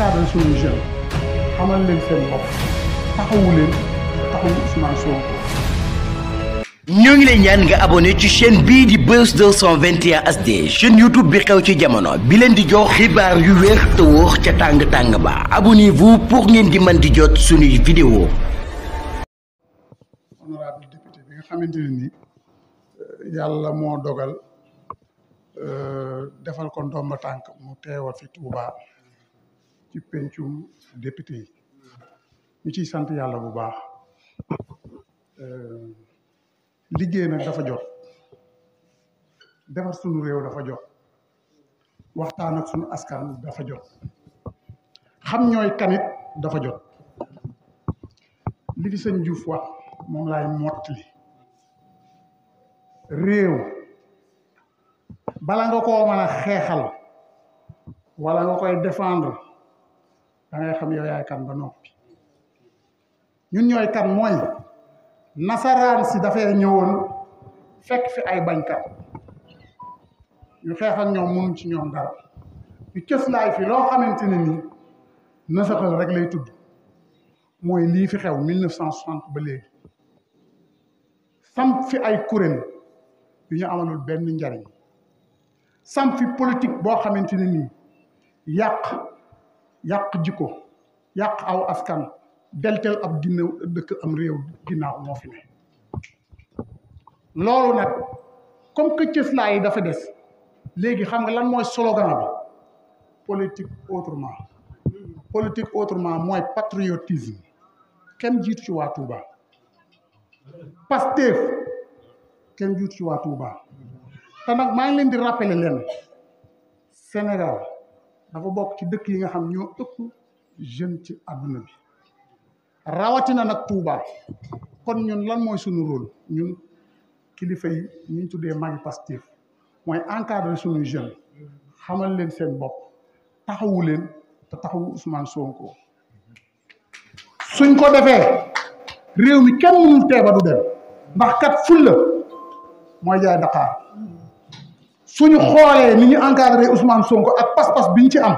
waxtaanal suñu jeune xamal leen seen bopp taxawu leen taxawu Ousmane Sonko ñoo ngi lay ñaan nga abonné ci chaîne bii di Buzz 221 HD chaîne YouTube bi xew ci jamono bi leen di jox xibaar yu wér te wóor ca tàng-tàng ba abonnez-vous pour ngeen di mën di jot suñuy vidéo honorable député bi nga xamante ne ni euh, yàlla moo dogal euh, defal ko ndomba tànk mu teewa fi Touba ci pencum député yi ñu ciy sant yàlla bu baax euh, liggéey nag dafa jot defar suñu réew dafa jot waxtaan ak suñu askan dafa jot xam ñooy kanit dafa jot li di sëñ Diouf wax moom laay mottali réew bala nga koo mën a xeexal wala nga koy défendre da xam yow yaay kan ba noppi ñun ñooy kan mooy nasaraan si dafay ñëwoon fekk fi ay bañkat ñu xeex ak ñoom mënuñ ci ñoom dara ñu cëslaay fi loo xamante ne nii nasaxal rek lay tudd mooy lii fi xew mille neuf cent ba léegi samp fi ay kuréel yu ñu amalul benn njariñ samp fi politique boo xamante ne nii yàq yàq jikko yàq aw askan delteel ab dina dëkk am réew ginnaaw moo fi ne loolu nag comme que cëslaa yi dafa des léegi xam nga lan mooy slogan bi politique autrement politique autrement mooy patriotisme kenn jiit ci waa Touba Pastef kenn jiitu ci waa Touba te nag maa ngi leen di rappeler leen Sénégal dafa bokk ci dëkk yi nga xam ñoo ëpp jeune ci àdduna bi rawatina nag Touba kon ñun lan mooy suñu rôle ñun kilifa yi ñu tuddee magi Pastef mooy encadrer suñu jeune xamal leen seen bopp taxawu leen te taxawu Ousmane Sonko suñ ko defee réew mi kenn mënul teeba du dem ndax kat fulla mooy jaay Dakar su ñu xoolee ni ñu encadré Ousmane Sonko ak pas-pas biñ ci am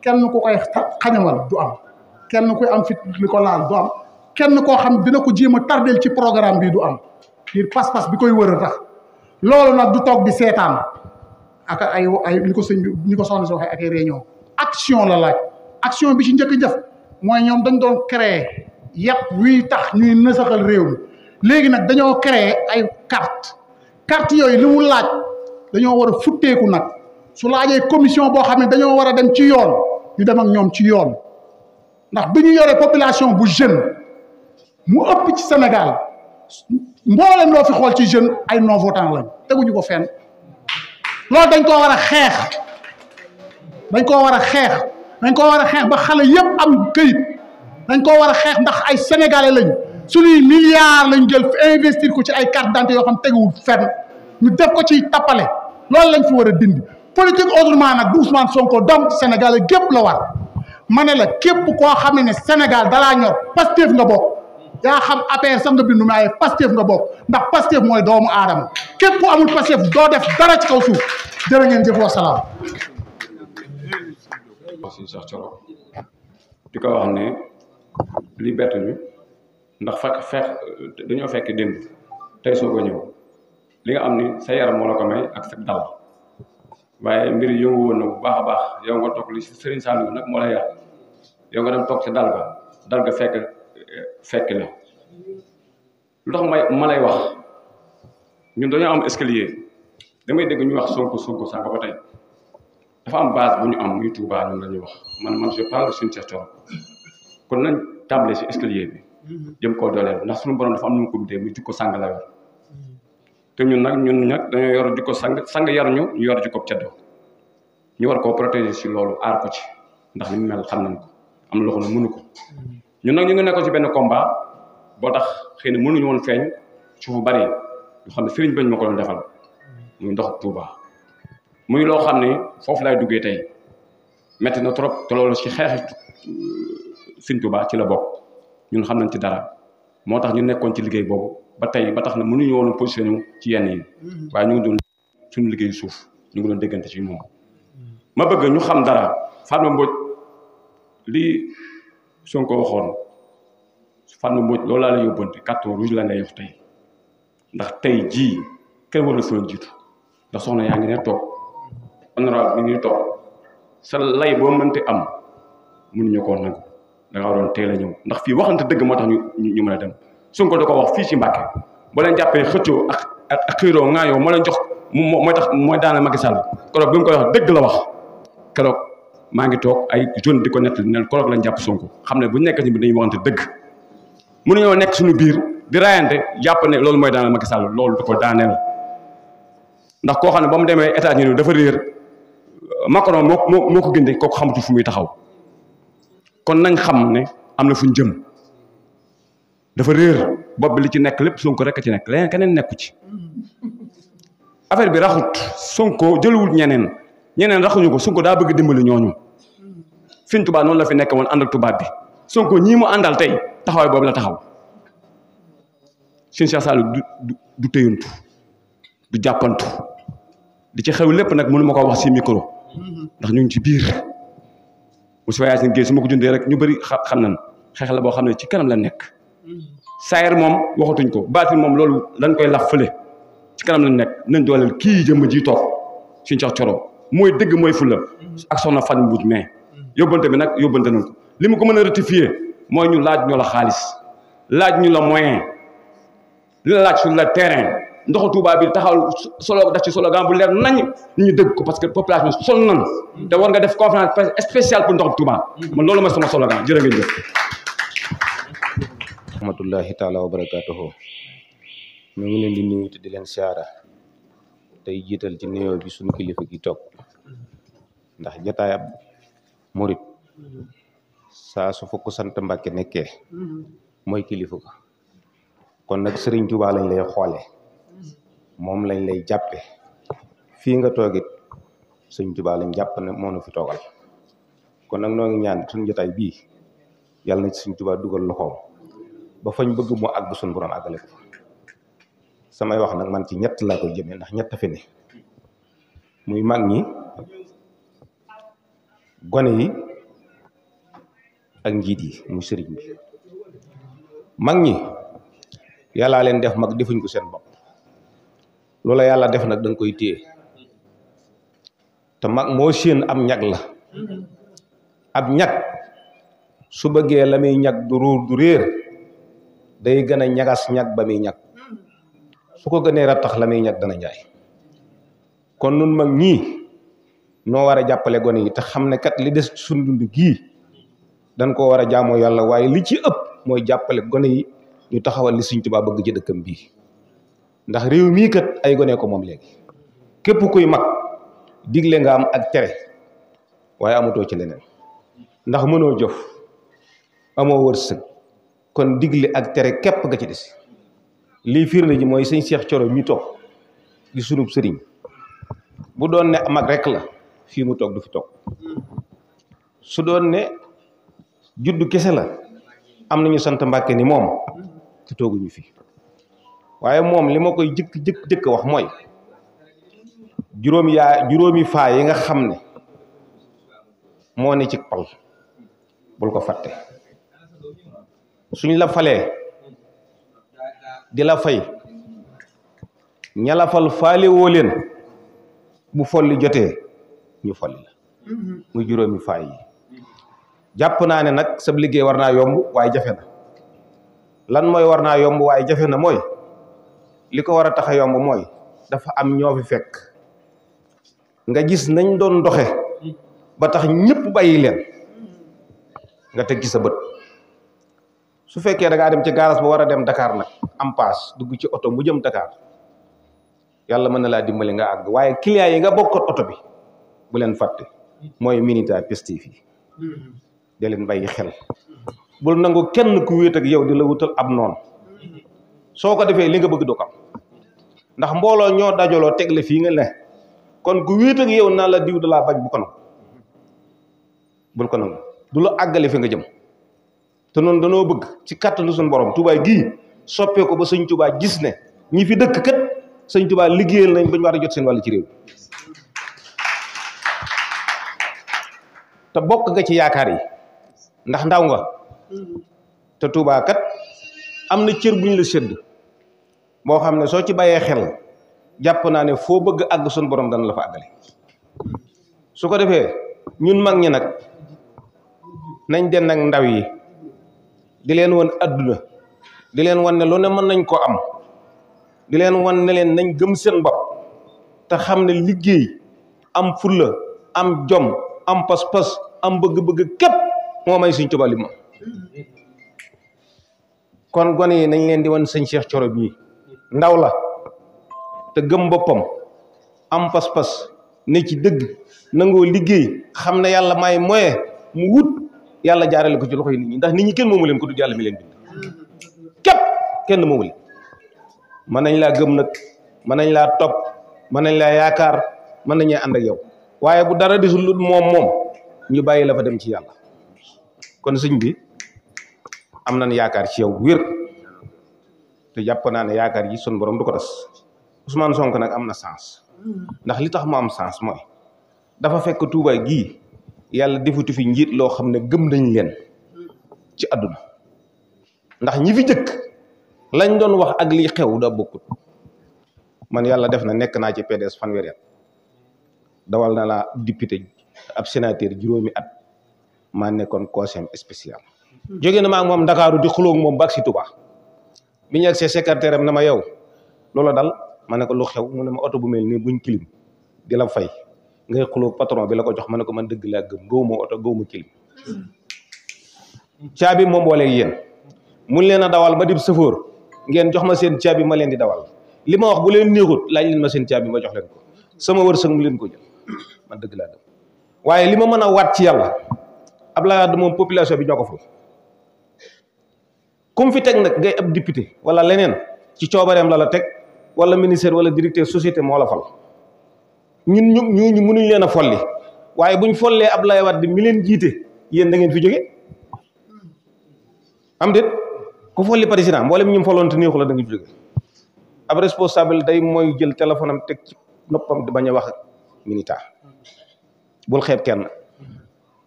kenn ku koy xañamal du am kenn kuy am fit li ko laal du am kenn koo xam dina ko jéem a tardel ci programme bi du am ngir pas-pas bi koy wër a tax loolu nag du toog bi seetaan ak ay ay ni ko sëñ bi ko soxna si waxee ak ay action la laaj action bi ci njëkk jëf mooy ñoom dañ doon créer yàpp wuy tax ñuy nësaxal réew mi léegi nag dañoo créer ay carte carte yooyu li mu laaj dañoo war a futteeku nag su la ajee commission boo xam ne dañoo war a dem ci yoon ñu dem ak ñoom ci yoon ndax bi ñu yoree population bu jeune mu ëpp ci Sénégal mbooleem loo fi xool ci jeune ay non votant lañ teguñu ko fen loolu dañ koo war a xeex dañ koo war a xeex dañ koo war a xeex ba xale yëpp am kayit dañ koo war a xeex ndax ay sénégalais lañ suñuy milliards lañ jël investir ko ci ay carte dante yoo xam teguwul fen ñu def ko ci tappale loolu lañ fi war a dind politique autrement nag du Ousmane Sonko dom gépp la war ma ne la képp koo xam ne Sénégal dalaa ñor Pastef nga bokk yaa xam APR sax nga bindu maaye Pastef nga bokk ndax Pastef mooy doomu aadama képp ku amul Pastef doo def dara ci kaw suuf jërë ngeen jëf wasalaam sax coro di ko fekk fekk li nga am ni sa yaram moo la ko may ak sa dal waaye mbir yëngu woon na bu baax a baax yow nga toog li Serigne Saliou nag moo lay yar dal ga dal ga fekk fekk ma lay wax ñun dañoo am escalier damay dégg ñu wax Sonko Sonko sànq ba tey dafa am base bu ñu am muy Touba noonu la ñuy wax man man je parle suñu secteur kon nañ tàmbalee si escalier bi mm-hmm. jëm koo dooleel ndax suñu borom dafa am nu mu ko buddee muy jikko sàng la te ñun nag ñun nag dañoo yor jikko sang sang yar ñu ñu yor jikko ceddoo ñu war koo protéger si loolu aar ko ci ndax li mu mel xam nañ ko am loxo na mënu ko ñun nag ñu ngi nekkoon ci benn komba boo tax xëy na mënuñu woon feeñ ci fu bari yoo xam ne sëriñ bañ ma ko defal muy ndox Tuuba muy loo xam ne foofu laay duggee tey metti na trop te loolu ci xeex Sëriñ Tuuba ci la bokk ñun xam nañ ci dara moo tax ñu nekkoon ci liggéey boobu ba tey ba tax na mënuñu woon positionné wu ci yenn yi mm-hmm. waaye ñu ngi doon suñu liggéey suuf ñu ngi doon déggante ci moom ma bëgg ñu xam dara Fatma Mbodj lii ko waxoon Fatma Mbodj loolu laa la yóbbante carton rouge la ngay yox tey ndax tey jii kenn war na fa jiitu ndax soxna yaa ngi ne toog honorable bi ngi toog sa lay boo mënte am mënuñu koo nangu da ngaa waroon teel ñëw ndax fii waxante dëgg moo tax ñu ñu mën a dem Sonko da ko wax fii ci Mbàkke boo leen jàppee xëccoo ak ak xiiroo ŋaayoo moo leen jox mu mooy tax mooy daaneel Macky Sall keroog bi mu koy wax dëgg la wax keroog maa ngi toog ay jeune di ko nett ne keroog lañ jàpp Sonko xam ne bu nekk ci bi dañuy waxante dëgg mënuñoo nekk suñu biir di raayante jàpp ne loolu mooy daaneel Macky Sall loolu da ko daaneel ndax koo xam ne ba mu demee États-Unis dafa réer Macron moo moo ko gënde kooku xamatu fu muy taxaw kon nañ xam ne am na fu ñu dafa réer bopp bi li ci nekk lépp Sonko rek ci nekk leneen keneen nekku ci affaire bi raxut Sonko jëluwul ñeneen ñeneen raxuñu ko Sonko daa bëgg dimbali ñooñu fin tubaab noonu la fi nekk woon ànd ak tubaab bi Sonko ñii mu àndal tey taxawaay boobu la taxaw Sëñ Cheikh Saliou du du tëyantu du jàppantu di ci xew lépp nag mënu ma ko wax si micro ndax ñu ngi ci biir mu si waaye seen géej su ma ko jundee rek ñu bëri xam nañ xeex la boo xam ne ci kanam la nekk saayir moom waxatuñ ko baatin moom loolu dañ koy laf fële ci kanam na nekk nañ dooleel kii jëmm ji toog suñu sax mooy dëgg mooy fulla ak soxna fan mbuuj mais yóbbante bi nag yóbbante nañ ko li mu ko mën a ratifier mooy ñu laaj ñu la xaalis laaj ñu la moyen li la laaj su le terrain ndox Touba bi taxaw solo def ci slogan bu leer nañ ñu dëgg ko parce que population sonn nañ te war nga def conférence spéciale pour ndoxu Touba man loolu mooy rahmatullahi taala wa barakatuh ñu ngi leen di nuyu te di leen siara tay jital ci neew bi suñu kilifa gi tok ndax jataayab mourid sa su fuk sant Mbàkke nekkee moy kilifa ko kon nak serigne touba lañ lay xolé mom lañ lay jappé fi nga togit serigne touba lañ japp ne mo nu fi togal kon nak no ngi ñaan suñu jotaay bi yalla na ci serigne touba dugal loxom ba fañ bëgg mu àgg suñu borom àggale ko samay wax nag man ci ñett laa koy jëmee ndax ñett fi ne muy mag ñi gone yi ak njiit yi mu sëriñ bi mag ñi yàllaa leen def mag defuñ ko seen bopp loola yàlla def nag da koy téye te mag moo séen am ñag la ab ñag su bëggee la muy ñag du ruur day gën a ñagas ñag ba muy ñag su ko gënee rattax la muy ñag dana jaay kon nun mag ñii noo war a jàppale gone yi te xam ne kat li des suñ dund gii dañ koo war a jaamoo yàlla waaye li ci ëpp mooy jàppale gone yi ñu taxawal li Sëriñ Tuubaa bëgg ci dëkkam bii ndax réew mii kat ay gone ko moom léegi képp kuy mag digle nga am ak tere waaye amutoo ci leneen ndax mënoo jëf amoo wërsëg kon digle ak tere képp nga ci des lii firnde ji mooy sëñ Cheikh Thioro mi toog di sunub sëriñ bu doon ne mag rekk la fii mu toog du fi toog su doon ne juddu kese la am nañu sant Mbàkke ni moom te tooguñu fi waaye moom li ma koy jëkk jëkk jëkk wax mooy juróom juróomi faa yi nga xam ne moo ne ci pal bul ko fàtte suñ la falee di la fay ña la leen bu folli jotee ñu folli la muy juróomi faay yi jàpp naa ne nag sab liggéey war naa yomb waaye jafe na lan mooy war naa yomb waaye jafe na mooy li ko war a tax yomb mooy dafa am ñoo fi fekk nga gis nañ doon doxe ba tax ñëpp bayi leen nga teg ci sa bët su fekkee da dem ci garage ba war a dem dakaar nag am paas dugg ci oto mu jëm Dakar yàlla mën na laa dimbali nga àgg waaye client yi nga bokkoon oto bi bu leen fàtte mooy Minita Pesti fii da leen bàyyi xel bul nangu kenn ku wéet ak yow di la wutal ab noon soo ko defee li nga bëgg du ko am ndax mbooloo ñoo dajaloo tegle fii nga ne kon ku wéet ak yow naa la diw da laa bañ bu ko nangu bul ko nangu du la àggale fi nga jëm. te noonu danoo bëgg ci kàttanu suñu boroom Touba gii soppee ba sëñ Touba gis ne ñi fi dëkk kat sëñ Touba liggéeyal nañ ba ñu war a jot seen wàll ci réew te bokk nga ci yaakaar yi ndax ndaw nga te Touba kat am na cër bu ñu la sédd boo xam ne soo ci bàyyee xel jàpp naa ne foo bëgg àgg suñ borom dana la fa àggale su ko defee ñun mag ñi nag nañ den ak ndaw yi. di leen wan adduna di leen wan ne lu ne mën nañ ko am di leen wan ne leen nañ gëm seen bopp te xam ne liggéey am fulla am jom am pas-pas am bëgg-bëgg képp moo may Sëñ Tuubaa li ma kon gone yi nañ leen di wan sëñ Cheikh Thioro bii ndaw la te gëm boppam am pas-pas ne ci dëgg nangoo liggéey xam ne yàlla may moye mu wut yàlla jaarale ko ci loxoy nit ñi ndax nit kenn moomu leen ko du yàlla mi leen bind képp kenn moomu leen mën nañ laa gëm nag mën nañ laa topp mën nañ laa yaakaar mën nañee ànd ak yow waaye bu dara disul lu moom moom ñu bàyyi la fa dem ci yàlla kon sëñ bi am nañ yaakaar ci yow wér te jàpp naa ne yaakaar ji sun borom du ko des Ousmane Sonko nag am na sens mm. ndax li tax mu am sens mooy dafa fekk Touba gii yàlla defutu fi njiit loo xam ne gëm nañ leen ci àdduna ndax ñi fi jëkk lañ doon wax ak lii xew da bokkut man yàlla def na nekk naa ci PDS fanweeri at dawal na la député ab sénateur juróomi at maa nekkoon conseil spécial jóge na maa moom ndakaaru di xulóog moom bak si Touba bi ñu ak see secrétaire am na ma yow loola dal ma ne ko lu xew mu ne ma oto bu mel nii buñ kilim di la fay ngay xulo patron bi la ko jox man ko man deug la gëm gëwuma auto gëwuma kilim ciabi mom booleeg yéen mun leen a dawal ba dib sefor ngeen jox ma seen ciabi ma leen di dawal lima wax bu leen neexut lañ leen ma seen ciabi ma jox leen ko sama wërseug mu leen ko jël man deug la gëm waye lima ma wat ci yalla Abdoulaye Wade mom population bi ñoko fu kum fi tek nak ngay ab député wala leneen ci coobareem la la tek wala ministère wala directeur société mo la fal ñun ñu ñooñu mënuñ leen a folli waaye buñ follee Abdoulaye Wade mi leen jiite yéen da ngeen fi jóge am déet ku folli président mboolem ñu folloon te neexu la da ngeen fi jóge ab responsable day mooy jël téléphone am teg ci noppam di bañ a wax ak militant bul xeeb kenn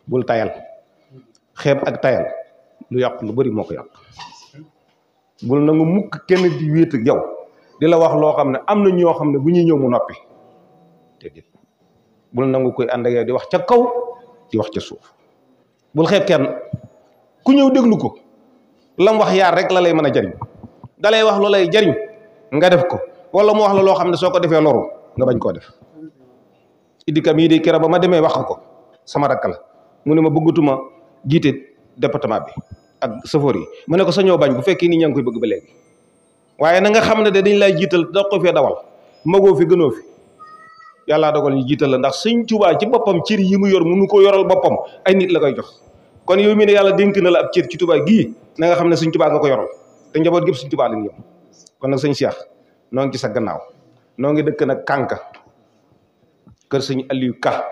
bul tayal xeeb ak tayal lu yàq lu bëri moo ko yàq bul nangu mukk kenn di wéet ak yow di la wax loo xam ne am na ñoo xam ne bu ñuy ñëw mu noppi Bulan bul nangu koy ànd ak yow di wax ca kaw di wax ca suuf bul xeb kenn ku ñew deglu ko lam wax yaar rek la lay mëna jariñ da lay wax lu lay jariñ nga def ko wala mu wax la lo xamne soko defé loru nga bañ ko def di kera ba ma demee wax ko sama rak la mu ne ma bëggutuma jité département bi ak safoor yi mu ne ko sañoo bañ bu fekk ni ñang koy bëgg ba légui waye na nga xamne dañ lay jital da ko fi dawal mago fi gëno fi yalla dogal ñu jiital la ndax seigne touba ci boppam cir yi mu yor mënu ko yoral bopam ay nit la koy jox kon yow mi ne yalla denk na la ab cir ci touba gi na nga xamne seigne touba nga ko yoral te njabot gep seigne touba la ñu kon nak seigne Cheikh noo ngi ci sa gannaaw noo ngi dekk nak kanka keur seigne Aliou Ka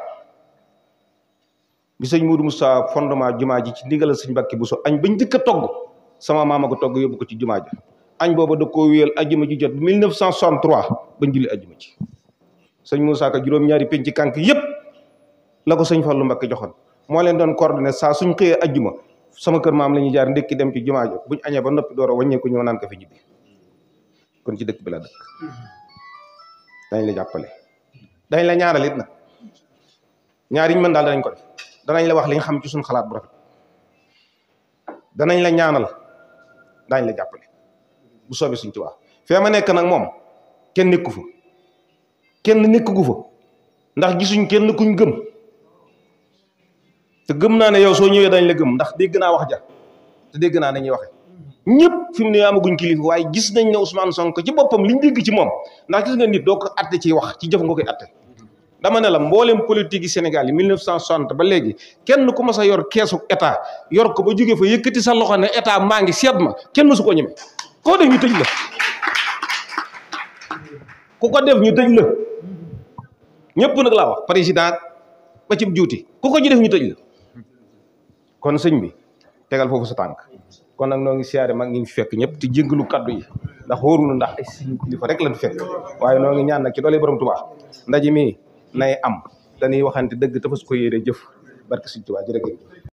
bi seigne Moudou Moussa fondement jumaa ji ci ndigalal seigne bakki Buso añ bañ dëkk togg sama mama ko togg yóbbu ko ci jumaa ja añ booba da ko wéyal aljuma ji jot 1963 bañ julli aljuma ci seigne Moussa Ka juroom ñaari penc kànk yëpp la ko seigne Fallou Mbacké joxoon mo leen doon coordonner sa suñ xëyee aljuma sama kër maam lañu jaar ndékki dem ci jumaaji jo buñ añee ba nopi dooro a wàññeeku ñëw naan ka fi jibi kon ci dëkk bi la dëkk dañ la jappalé dañ la ñaaral it nag ñaar yiñ man dal dañ ko def dañ la wax li nga xam ci suñ xalaat bu rafet dañ la ñaanal dañ la jappalé bu soobé suñ tuba wax fee ma nekk nag moom kenn nekku fa kenn nekk gu fa ndax gisuñ kenn kuñ gëm te gëm naa ne yow soo ñëwee dañ la gëm ndax dégg naa wax ja te dégg naa nañuy waxe ñëpp fi mu ne amaguñ kilifa waaye gis nañ ne Ousmane sonk ci boppam liñ dégg ci moom ndax gis nga nit doo ko atte ci wax ci jëf nga koy atte dama ne la mbooleem politique yi Sénégal yi 1960 ba léegi kenn ku mas a yor keesu état yor ko ba jóge fa yëkkati sa loxo ne état maa ngi seet ma kenn mësu ko ñeme koo def ñu tëj la ku ko def ñu tëj ñëpp nag laa wax président ba cib juuti ku ko ji def ñu tëj la kon sëñ bi tegal foofu sa tànk kon nag noo ngi siyaare mag ngi fekk ñëpp te jéggalu kaddu yi ndax wóorul ndax ay sëñ kilifa rek lañ fekk waaye noo ngi ñaan na ci doole borom Tuubaa ndaje mi nay am dañuy waxante dëgg tafas ko yéere jëf barke sëñ Tuubaa jërëjëf